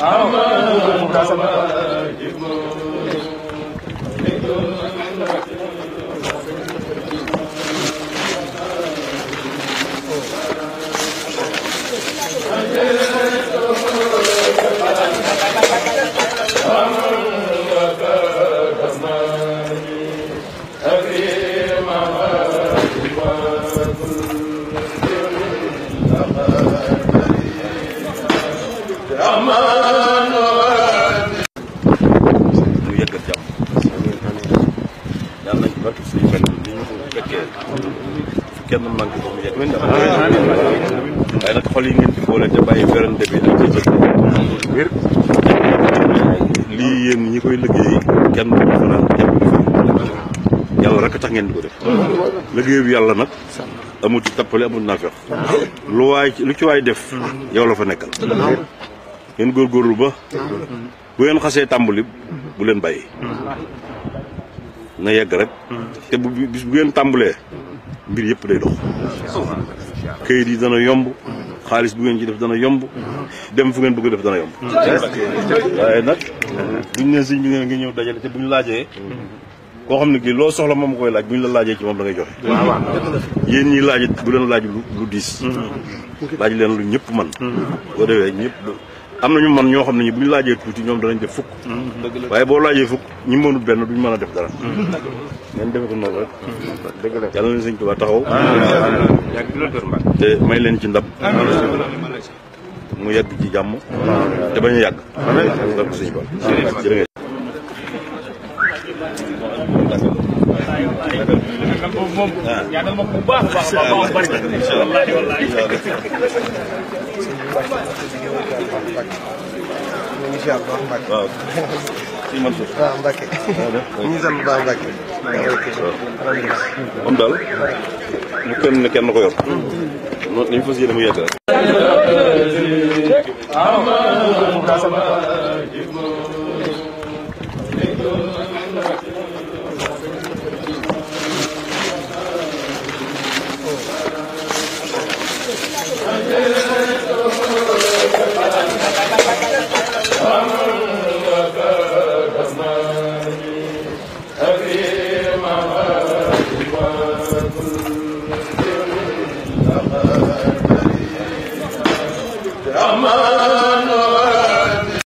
Amen. Amen. Amen. kenn man ko mu yegg waaye nag xol yi ngeen di boole te bàyyi werante lii yéen ñi koy liggéey tax ngeen di ko def liggéey bi yàlla nag amut tappale amut naafeex lu waay lu ci waay def yow la fa nekkal ngeen góorgóorlu ba bu ngeen xasee tàmbali bu leen bàyyi na yegg rek te bu bis bu ngeen tàmbulee mbir yëpp day dox këyit yi dana yomb xaalis bu ngeen ci def dana yomb dem fu ngeen bëgg def dana yomb waaye nag buñ ne siñ bi ngeen ngi ñëw dajale te bu ñu laajee koo xam ne kii loo soxla moom koy laaj bu ñu la laajee ci moom da ngay joxe yéen ñi laaj bu leen laaj lu lu diis laaj leen lu ñëpp man boo defee ñëpp am na ñu man ñoo xam ne ñi bu ñu laajee tuuti ñoom danañ def fukk. Mm-hmm. waaye boo laajee fukk ñi mënut benn duñ mën a def dara. Mm-hmm. ngeen defe ko noonu rek. Mm-hmm. dëgg la yàlla leen taxaw. Ah, ah, ah, te may leen ci ndab. mu yàgg ci jàmm. te bañ a yàgg. boobu moom. waaw ñaanal ma bu baax baax baax baax bari. incha allah wallaahi wallaahi. incha allah Mbacke. waaw. si man suuf. waaw Mbacke. ñu ngi sant bu baax Mbacke. moom daal. mu kenn ne kenn ko yor. noonu dañu fas yéene mu yeete rek. Aman